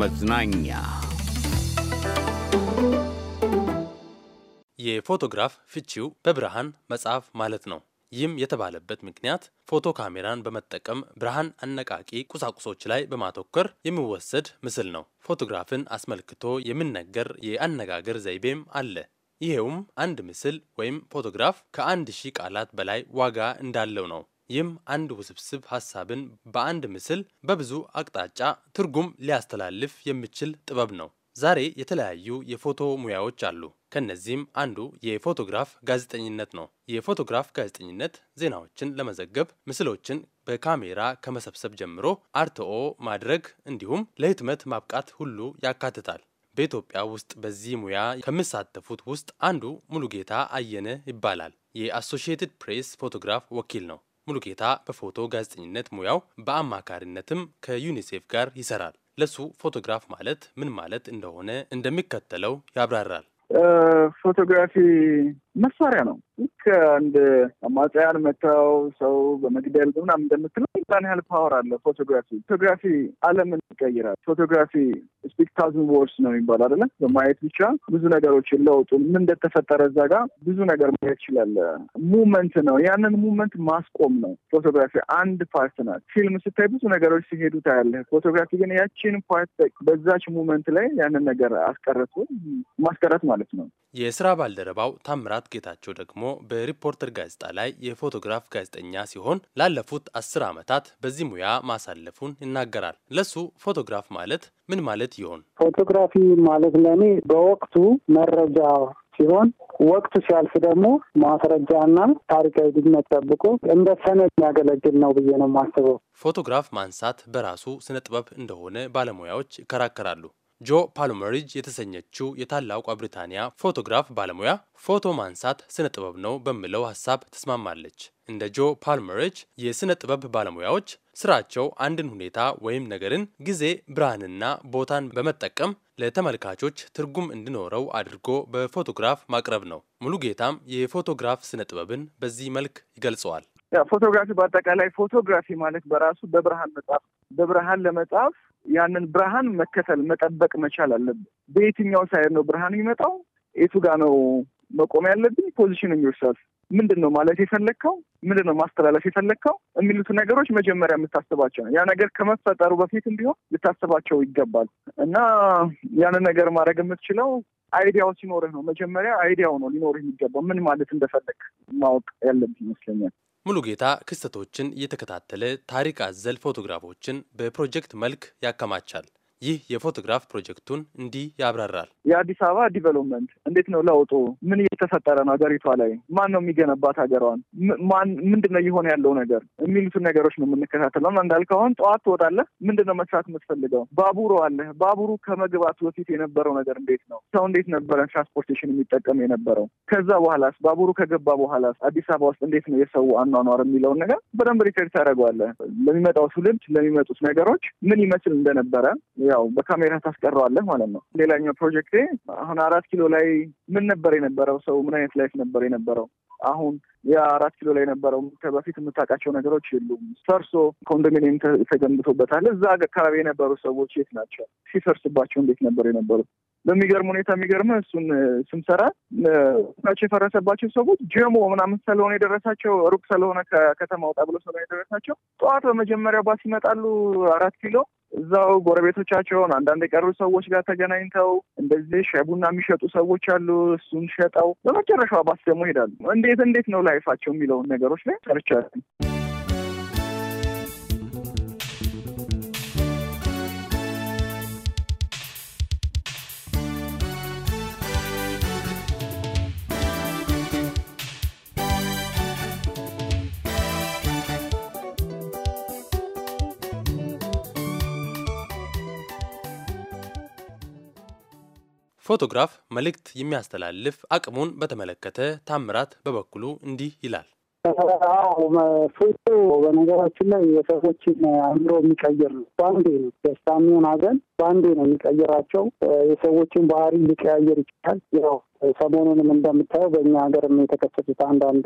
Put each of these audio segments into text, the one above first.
መዝናኛ የፎቶግራፍ ፍቺው በብርሃን መጻፍ ማለት ነው። ይህም የተባለበት ምክንያት ፎቶ ካሜራን በመጠቀም ብርሃን አነቃቂ ቁሳቁሶች ላይ በማተኮር የሚወሰድ ምስል ነው። ፎቶግራፍን አስመልክቶ የሚነገር የአነጋገር ዘይቤም አለ። ይሄውም አንድ ምስል ወይም ፎቶግራፍ ከአንድ ሺህ ቃላት በላይ ዋጋ እንዳለው ነው። ይህም አንድ ውስብስብ ሀሳብን በአንድ ምስል በብዙ አቅጣጫ ትርጉም ሊያስተላልፍ የሚችል ጥበብ ነው። ዛሬ የተለያዩ የፎቶ ሙያዎች አሉ። ከነዚህም አንዱ የፎቶግራፍ ጋዜጠኝነት ነው። የፎቶግራፍ ጋዜጠኝነት ዜናዎችን ለመዘገብ ምስሎችን በካሜራ ከመሰብሰብ ጀምሮ አርትኦ ማድረግ እንዲሁም ለህትመት ማብቃት ሁሉ ያካትታል። በኢትዮጵያ ውስጥ በዚህ ሙያ ከሚሳተፉት ውስጥ አንዱ ሙሉጌታ አየነ ይባላል። የአሶሺየትድ ፕሬስ ፎቶግራፍ ወኪል ነው። ሙሉጌታ በፎቶ ጋዜጠኝነት ሙያው በአማካሪነትም ከዩኒሴፍ ጋር ይሰራል። ለሱ ፎቶግራፍ ማለት ምን ማለት እንደሆነ እንደሚከተለው ያብራራል። ፎቶግራፊ መሳሪያ ነው። ልክ አንድ አማጽያን መጥተው ሰው በመግደል ምናምን እንደምትለው ያን ያህል ፓወር አለ ፎቶግራፊ። ፎቶግራፊ ዓለምን ይቀይራል። ፎቶግራፊ ስፒክ ታዝን ወርስ ነው የሚባል አይደለ? በማየት ብቻ ብዙ ነገሮች ለውጡ ምን እንደተፈጠረ እዛ ጋር ብዙ ነገር ማየት ይችላል። ሙመንት ነው፣ ያንን ሙመንት ማስቆም ነው። ፎቶግራፊ አንድ ፓርት ናት። ፊልም ስታይ ብዙ ነገሮች ሲሄዱ ታያለህ። ፎቶግራፊ ግን ያቺን ፓርት በዛች ሙመንት ላይ ያንን ነገር አስቀረቱ ማስቀረት ማለት ነው። የስራ ባልደረባው ታምራት ጌታቸው ደግሞ በሪፖርተር ጋዜጣ ላይ የፎቶግራፍ ጋዜጠኛ ሲሆን ላለፉት አስር ዓመታት በዚህ ሙያ ማሳለፉን ይናገራል። ለሱ ፎቶግራፍ ማለት ምን ማለት ይሆን? ፎቶግራፊ ማለት ለእኔ በወቅቱ መረጃ ሲሆን ወቅቱ ሲያልፍ ደግሞ ማስረጃና ታሪካዊ ድግነት ጠብቆ እንደ ሰነድ የሚያገለግል ነው ብዬ ነው የማስበው። ፎቶግራፍ ማንሳት በራሱ ስነ ጥበብ እንደሆነ ባለሙያዎች ይከራከራሉ። ጆ ፓልመሪጅ የተሰኘችው የታላቋ ብሪታንያ ፎቶግራፍ ባለሙያ ፎቶ ማንሳት ስነ ጥበብ ነው በሚለው ሀሳብ ተስማማለች። እንደ ጆ ፓልመሪጅ የስነ ጥበብ ባለሙያዎች ስራቸው አንድን ሁኔታ ወይም ነገርን ጊዜ፣ ብርሃንና ቦታን በመጠቀም ለተመልካቾች ትርጉም እንዲኖረው አድርጎ በፎቶግራፍ ማቅረብ ነው። ሙሉ ጌታም የፎቶግራፍ ስነ ጥበብን በዚህ መልክ ይገልጸዋል። ፎቶግራፊ በአጠቃላይ ፎቶግራፊ ማለት በራሱ በብርሃን መጻፍ በብርሃን ለመጻፍ ያንን ብርሃን መከተል መጠበቅ መቻል አለብን። በየትኛው ሳይድ ነው ብርሃን የሚመጣው? የቱ ጋ ነው መቆም ያለብኝ? ፖዚሽን ዮርሰልፍ ምንድን ነው ማለት የፈለግከው? ምንድን ነው ማስተላለፍ የፈለግከው? የሚሉት ነገሮች መጀመሪያ የምታስባቸው ነው። ያ ነገር ከመፈጠሩ በፊት ቢሆን ልታስባቸው ይገባል። እና ያንን ነገር ማድረግ የምትችለው አይዲያው ሲኖርህ ነው። መጀመሪያ አይዲያው ነው ሊኖርህ የሚገባው። ምን ማለት እንደፈለግ ማወቅ ያለብህ ይመስለኛል። ሙሉጌታ ክስተቶችን እየተከታተለ ታሪክ አዘል ፎቶግራፎችን በፕሮጀክት መልክ ያከማቻል። ይህ የፎቶግራፍ ፕሮጀክቱን እንዲህ ያብራራል። የአዲስ አበባ ዲቨሎፕመንት እንዴት ነው ለውጡ? ምን እየተፈጠረ ነው? ሀገሪቷ ላይ ማን ነው የሚገነባት? ሀገሯን ማን ምንድን ነው እየሆነ ያለው ነገር የሚሉትን ነገሮች ነው የምንከታተለው። እና እንዳልከውን ጠዋት ትወጣለህ። ምንድን ነው መስራት የምትፈልገው? ባቡሩ አለ። ባቡሩ ከመግባቱ በፊት የነበረው ነገር እንዴት ነው? ሰው እንዴት ነበረ ትራንስፖርቴሽን የሚጠቀም የነበረው? ከዛ በኋላስ ባቡሩ ከገባ በኋላስ አዲስ አበባ ውስጥ እንዴት ነው የሰው አኗኗር የሚለውን ነገር በደንብ ሪከርድ ታደርገዋለህ። ለሚመጣው ትውልድ ለሚመጡት ነገሮች ምን ይመስል እንደነበረ ያው በካሜራ ታስቀረዋለህ ማለት ነው። ሌላኛው ፕሮጀክቴ አሁን አራት ኪሎ ላይ ምን ነበር የነበረው ሰው ምን አይነት ላይፍ ነበር የነበረው? አሁን አራት ኪሎ ላይ የነበረው ከበፊት የምታውቃቸው ነገሮች የሉም። ፈርሶ ኮንዶሚኒየም ተገንብቶበታል። እዛ አካባቢ የነበሩ ሰዎች የት ናቸው? ሲፈርስባቸው እንዴት ነበር የነበሩት? በሚገርም ሁኔታ የሚገርም እሱን ስንሰራ ናቸው የፈረሰባቸው ሰዎች ጀሞ ምናምን ስለሆነ የደረሳቸው ሩቅ ስለሆነ ከከተማ ወጣ ብሎ ስለሆነ የደረሳቸው ጠዋት በመጀመሪያ ባስ ይመጣሉ አራት ኪሎ እዛው ጎረቤቶቻቸውን አንዳንድ የቀሩ ሰዎች ጋር ተገናኝተው እንደዚህ ሻይ ቡና የሚሸጡ ሰዎች አሉ። እሱን ሸጠው በመጨረሻው ባስ ደግሞ ይሄዳሉ። እንዴት እንዴት ነው ላይፋቸው የሚለውን ነገሮች ላይ ሰርቻለን። ፎቶግራፍ መልእክት የሚያስተላልፍ አቅሙን በተመለከተ ታምራት በበኩሉ እንዲህ ይላል። ፎቶ በነገራችን ላይ የሰዎችን አእምሮ የሚቀይር ነው። በአንዴ ነው ደስታ የሚሆን በአንዴ ነው የሚቀይራቸው። የሰዎችን ባህሪ ሊቀያየር ይችላል። ያው ሰሞኑንም እንደምታየው በእኛ ሀገርም የተከሰቱት አንዳንድ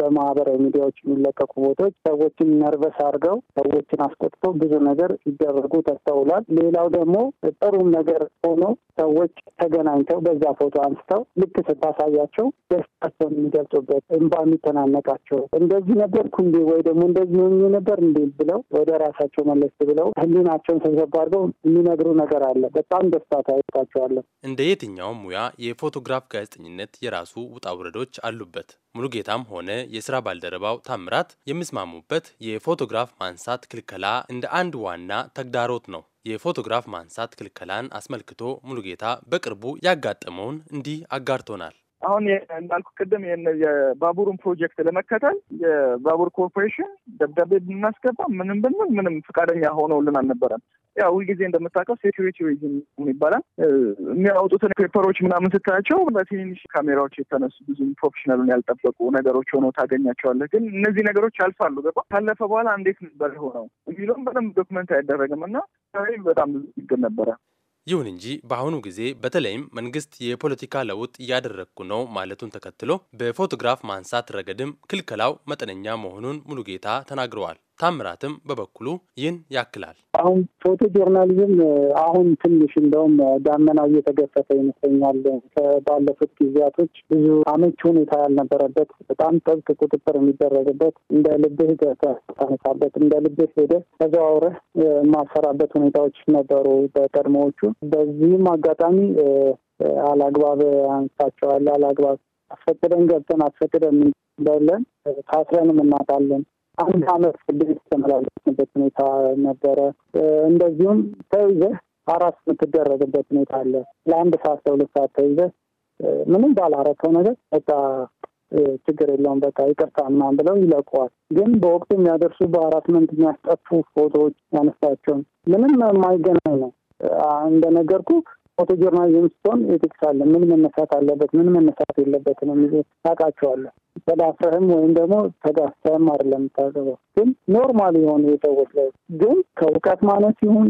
በማህበራዊ ሚዲያዎች የሚለቀቁ ቦታዎች ሰዎችን ነርቨስ አድርገው ሰዎችን አስቆጥተው ብዙ ነገር ሲደረጉ ተስተውሏል። ሌላው ደግሞ ጥሩም ነገር ሆኖ ሰዎች ተገናኝተው በዛ ፎቶ አንስተው ልክ ስታሳያቸው ደስታቸውን የሚገልጹበት እንባ የሚተናነቃቸው እንደዚህ ነበርኩ እንዴ ወይ ደግሞ እንደዚህ ሆኜ ነበር እንዴ ብለው ወደ ራሳቸው መለስ ብለው ህሊናቸውን ሰብሰብ አድርገው የሚነግሩ ነገር አለ። በጣም ደስታ ታይታቸዋለን። እንደ የትኛውም ሙያ የፎቶግራፍ ጋዜጠኝነት የራሱ ውጣ ውረዶች አሉበት። ሙሉጌታም ሆነ የስራ ባልደረባው ታምራት የሚስማሙበት የፎቶግራፍ ማንሳት ክልከላ እንደ አንድ ዋና ተግዳሮት ነው። የፎቶግራፍ ማንሳት ክልከላን አስመልክቶ ሙሉጌታ በቅርቡ ያጋጠመውን እንዲህ አጋርቶናል። አሁን እንዳልኩ ቅድም የባቡሩን ፕሮጀክት ለመከተል የባቡር ኮርፖሬሽን ደብዳቤ ብናስገባ ምንም ብንል ምንም ፈቃደኛ ሆነውልን አልነበረም። ያው ሁልጊዜ እንደምታውቀው ሴኪሪቲ ይባላል የሚያወጡትን ፔፐሮች ምናምን ስታያቸው በትንንሽ ካሜራዎች የተነሱ ብዙ ፕሮፌሽናሉን ያልጠበቁ ነገሮች ሆነው ታገኛቸዋለህ። ግን እነዚህ ነገሮች አልፋሉ። ገባ ካለፈ በኋላ እንዴት ነበር ሆነው የሚለውም በደንብ ዶክመንት አይደረግም እና በጣም ብዙ ችግር ነበረ። ይሁን እንጂ በአሁኑ ጊዜ በተለይም መንግስት የፖለቲካ ለውጥ እያደረግኩ ነው ማለቱን ተከትሎ በፎቶግራፍ ማንሳት ረገድም ክልከላው መጠነኛ መሆኑን ሙሉጌታ ተናግረዋል። ታምራትም በበኩሉ ይህን ያክላል። አሁን ፎቶ ጆርናሊዝም አሁን ትንሽ እንደውም ዳመናው እየተገፈፈ ይመስለኛል። ከባለፉት ጊዜያቶች ብዙ አመች ሁኔታ ያልነበረበት በጣም ጥብቅ ቁጥጥር የሚደረግበት እንደ ልብህ ተነሳበት እንደ ልብህ ሄደህ ተዘዋውረህ የማሰራበት ሁኔታዎች ነበሩ በቀድሞዎቹ። በዚህም አጋጣሚ አላግባብ አንስታቸዋል። አላግባብ አስፈቅደን ገብተን አስፈቅደን በለን ታስረንም እናጣለን አንድ አመት ፍርድ የተመላለስንበት ሁኔታ ነበረ። እንደዚሁም ተይዘህ አራት የምትደረግበት ሁኔታ አለ። ለአንድ ሰዓት ለሁለት ሰዓት ተይዘህ ምንም ባላረከው ነገር በቃ ችግር የለውም በቃ ይቅርታ ምናምን ብለው ይለቀዋል። ግን በወቅቱ የሚያደርሱ በአራስመንት የሚያስጠፉ ፎቶዎች ያነሳቸውን ምንም የማይገናኝ ነው። እንደነገርኩ ፎቶ ጆርናሊዝም ስትሆን ኤቲክስ አለ። ምን መነሳት አለበት፣ ምን መነሳት የለበትም የሚሉ ታውቃቸዋለህ። ተዳፍረህም ወይም ደግሞ ተዳፍተህም አይደለም የምታገባው፣ ግን ኖርማል የሆኑ የሰዎች ላይ ግን ከእውቀት ማነት ይሁን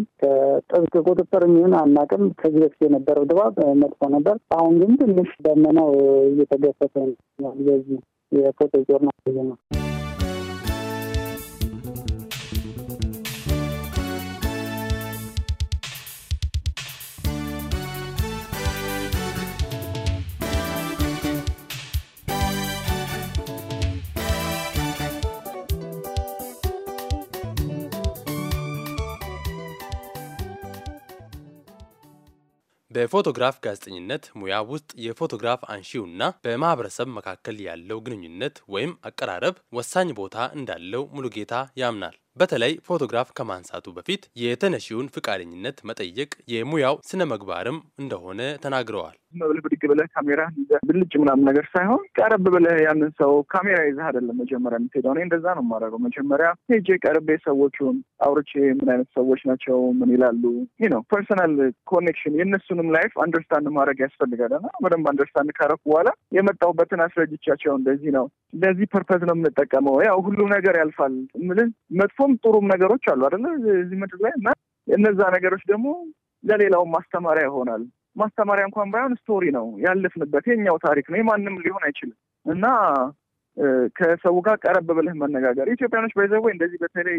ከጥብቅ ቁጥጥር የሚሆን አናውቅም። ከዚህ በፊት የነበረው ድባብ መጥፎ ነበር። አሁን ግን ትንሽ ደመናው እየተገፈተ ነው። የዚህ የፎቶ ጆርናሊዝም ነው። በፎቶግራፍ ጋዜጠኝነት ሙያ ውስጥ የፎቶግራፍ አንሺውና በማህበረሰብ መካከል ያለው ግንኙነት ወይም አቀራረብ ወሳኝ ቦታ እንዳለው ሙሉጌታ ያምናል። በተለይ ፎቶግራፍ ከማንሳቱ በፊት የተነሺውን ፍቃደኝነት መጠየቅ የሙያው ስነ መግባርም እንደሆነ ተናግረዋል። መብል ብድግ ብለህ ካሜራ ይዘህ ብልጭ ምናምን ነገር ሳይሆን ቀረብ ብለህ ያንን ሰው ካሜራ ይዘህ አይደለም መጀመሪያ የምትሄደው። እኔ እንደዛ ነው የማደርገው። መጀመሪያ ሄጄ ቀርቤ ሰዎቹን አውርቼ ምን አይነት ሰዎች ናቸው፣ ምን ይላሉ፣ ይህ ነው ፐርሰናል ኮኔክሽን። የእነሱንም ላይፍ አንደርስታንድ ማድረግ ያስፈልጋል እና በደንብ አንደርስታንድ ካረኩ በኋላ የመጣሁበትን አስረጅቻቸው እንደዚህ ነው፣ እንደዚህ ፐርፐዝ ነው የምንጠቀመው። ያው ሁሉም ነገር ያልፋል ምልን መጥፎ መጥፎም ጥሩም ነገሮች አሉ አደለ እዚህ ምድር ላይ እና እነዛ ነገሮች ደግሞ ለሌላውም ማስተማሪያ ይሆናል። ማስተማሪያ እንኳን ባይሆን ስቶሪ ነው ያለፍንበት፣ የኛው ታሪክ ነው፣ የማንም ሊሆን አይችልም እና ከሰው ጋር ቀረብ ብለህ መነጋገር ኢትዮጵያኖች ባይዘወይ እንደዚህ በተለይ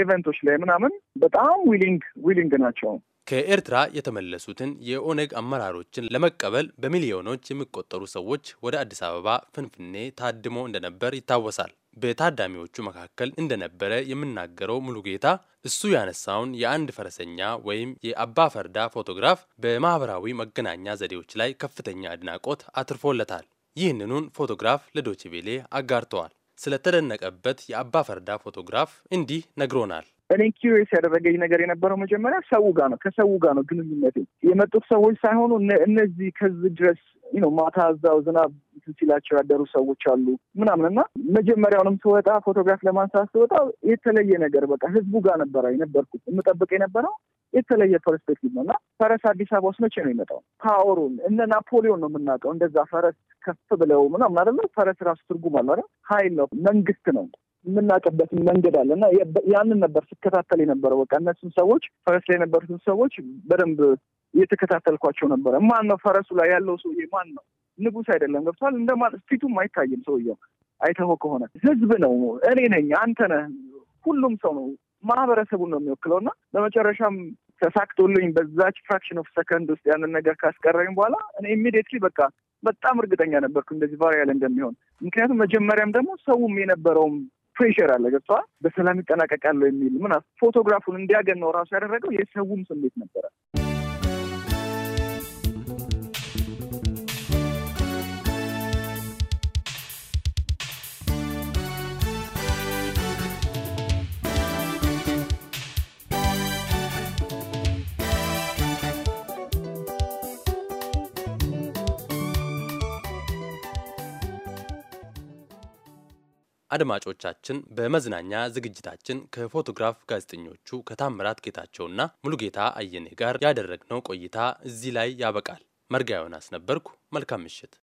ኤቨንቶች ላይ ምናምን በጣም ዊሊንግ ዊሊንግ ናቸው። ከኤርትራ የተመለሱትን የኦነግ አመራሮችን ለመቀበል በሚሊዮኖች የሚቆጠሩ ሰዎች ወደ አዲስ አበባ ፍንፍኔ ታድሞ እንደነበር ይታወሳል። በታዳሚዎቹ መካከል እንደነበረ የምናገረው ሙሉጌታ እሱ ያነሳውን የአንድ ፈረሰኛ ወይም የአባ ፈርዳ ፎቶግራፍ በማህበራዊ መገናኛ ዘዴዎች ላይ ከፍተኛ አድናቆት አትርፎለታል። ይህንኑን ፎቶግራፍ ለዶችቬሌ አጋርተዋል። ስለተደነቀበት የአባ ፈርዳ ፎቶግራፍ እንዲህ ነግሮናል። እኔን ኪሪየስ ያደረገኝ ነገር የነበረው መጀመሪያ ሰው ጋር ነው ከሰው ጋር ነው ግንኙነት የመጡት ሰዎች ሳይሆኑ እነዚህ ከዚህ ድረስ ነው ማታ እዛው ዝናብ ሲላቸው ያደሩ ሰዎች አሉ ምናምን እና መጀመሪያውንም ስወጣ ፎቶግራፍ ለማንሳት ስወጣ የተለየ ነገር በቃ ህዝቡ ጋር ነበረ የነበርኩት የምጠብቅ የነበረው የተለየ ፐርስፔክቲቭ ነው እና ፈረስ አዲስ አበባ ውስጥ መቼ ነው የሚመጣው? ፓወሩን እነ ናፖሊዮን ነው የምናውቀው። እንደዛ ፈረስ ከፍ ብለው ምናምን አደለ ፈረስ ራሱ ትርጉም አለ ሀይል ነው፣ መንግስት ነው። የምናውቅበት መንገድ አለ እና ያንን ነበር ስከታተል የነበረው። በቃ እነሱን ሰዎች ፈረስ ላይ የነበሩትን ሰዎች በደንብ እየተከታተልኳቸው ነበረ። ማን ነው ፈረሱ ላይ ያለው ሰውዬ? ማን ነው? ንጉስ አይደለም ገብቷል። እንደ ፊቱም አይታይም ሰውየው። አይተው ከሆነ ህዝብ ነው። እኔ ነኝ፣ አንተ ነህ፣ ሁሉም ሰው ነው ማህበረሰቡን ነው የሚወክለው እና በመጨረሻም ተሳክቶልኝ በዛች ፍራክሽን ኦፍ ሰከንድ ውስጥ ያንን ነገር ካስቀረኝ በኋላ እኔ ኢሚዲየትሊ በቃ በጣም እርግጠኛ ነበርኩ እንደዚህ ቫሪያል እንደሚሆን። ምክንያቱም መጀመሪያም ደግሞ ሰውም የነበረውም ፕሬሽር አለ ገብቷል። በሰላም ይጠናቀቃለሁ የሚል ምና ፎቶግራፉን እንዲያገናው ራሱ ያደረገው የሰውም ስሜት ነበረ። አድማጮቻችን በመዝናኛ ዝግጅታችን ከፎቶግራፍ ጋዜጠኞቹ ከታምራት ጌታቸውና ሙሉጌታ አየኔ ጋር ያደረግነው ቆይታ እዚህ ላይ ያበቃል። መርጋ ዮናስ ነበርኩ። መልካም ምሽት።